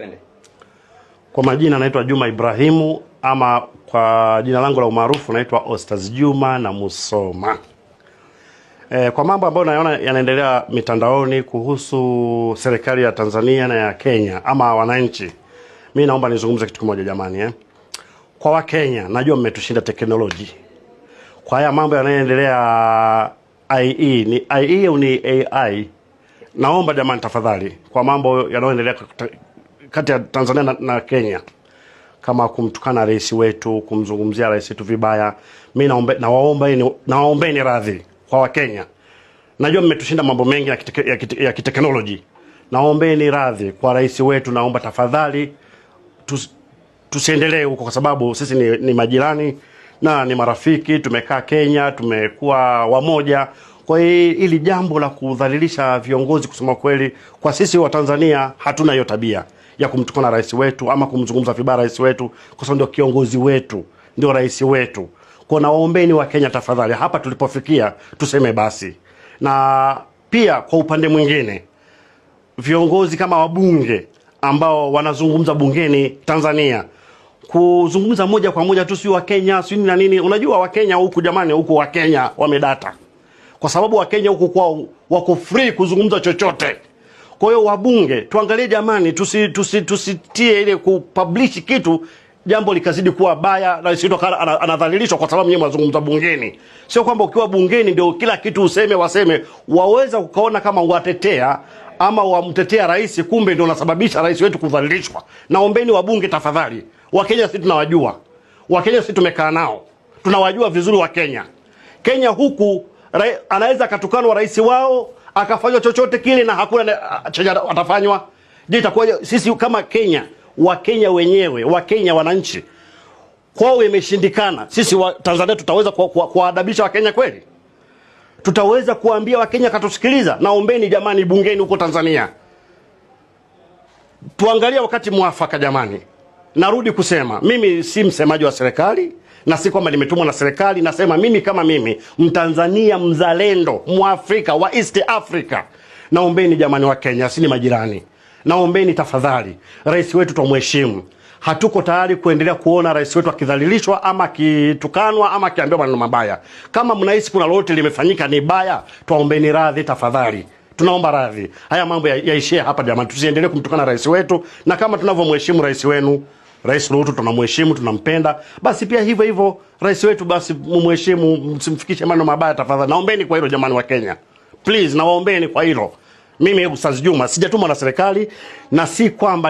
Twende. Kwa majina naitwa Juma Ibrahimu ama kwa jina langu la umaarufu naitwa Ostaz Juma na Musoma. E, kwa mambo ambayo naona yanaendelea mitandaoni kuhusu serikali ya Tanzania na ya Kenya ama wananchi, mi naomba nizungumze kitu kimoja jamani, eh. Kwa Wakenya najua mmetushinda teknoloji kwa haya mambo yanayoendelea IE ni IE au ni AI? Naomba jamani, tafadhali, kwa mambo yanayoendelea kati ya Tanzania na, na Kenya kama kumtukana rais wetu, kumzungumzia rais wetu vibaya. Mimi naombe nawaombeni nawaombeni radhi kwa Wakenya. Najua mmetushinda mambo mengi ya kiteknoloji. Naombeni radhi kwa rais wetu, naomba tafadhali tus, tusiendelee huko kwa sababu sisi ni, ni majirani na ni marafiki. Tumekaa Kenya, tumekuwa wamoja. Kwa hiyo ili jambo la kudhalilisha viongozi, kusema kweli, kwa sisi wa Tanzania hatuna hiyo tabia ya kumtukana rais wetu ama kumzungumza vibaya rais wetu, kwa sababu ndio kiongozi wetu, ndio rais wetu. Kwa nawaombeni wa Kenya tafadhali, hapa tulipofikia tuseme basi. Na pia kwa upande mwingine, viongozi kama wabunge ambao wanazungumza bungeni Tanzania kuzungumza moja kwa moja tu, si wa Kenya si na nini. Unajua wa Kenya huku jamani, huku wa Kenya wamedata, kwa sababu wa Kenya huku kwao wako free kuzungumza chochote. Kwa hiyo wabunge, tuangalie jamani, tusitie tusi, tusi ile kupublish kitu jambo likazidi kuwa baya na isitokana anadhalilishwa kwa sababu yeye mazungumza bungeni. Sio kwamba ukiwa bungeni ndio kila kitu useme waseme, waweza ukaona kama watetea ama wamtetea rais, kumbe ndio unasababisha rais wetu kudhalilishwa. Naombeni wabunge tafadhali. Wakenya sisi tunawajua, Wakenya sisi tumekaa nao, tunawajua vizuri Wakenya. Kenya huku anaweza akatukanwa rais wao akafanywa chochote kile na hakuna ah, chenye atafanywa. Je, itakuwa sisi kama Kenya, Wakenya wenyewe, Wakenya wananchi kwao imeshindikana, sisi wa Tanzania tutaweza kuwaadabisha Wakenya kweli? Tutaweza kuambia Wakenya katusikiliza? Naombeni jamani, bungeni huko Tanzania tuangalia wakati mwafaka jamani narudi kusema mimi si msemaji wa serikali na si kwamba nimetumwa na serikali. Nasema mimi kama mimi Mtanzania mzalendo Mwafrika wa East Africa, naombeni jamani wa Kenya, si ni majirani, naombeni tafadhali, rais wetu twamheshimu. Hatuko tayari kuendelea kuona rais wetu akidhalilishwa ama akitukanwa ama akiambiwa maneno mabaya. Kama mnahisi kuna lolote limefanyika ni baya, twaombeni radhi tafadhali tunaomba radhi. Haya mambo yaishie ya hapa jamani, tusiendelee kumtukana rais wetu, na kama tunavyomheshimu rais wenu Rais Ruto tunamheshimu, tunampenda. Basi pia hivyo hivyo rais wetu, basi mumheshimu, msimfikishe maneno mabaya tafadhali. Naombeni kwa hilo jamani, wa Kenya, please, nawaombeni kwa hilo. Mimi Ustaz Juma sijatumwa na serikali na si kwamba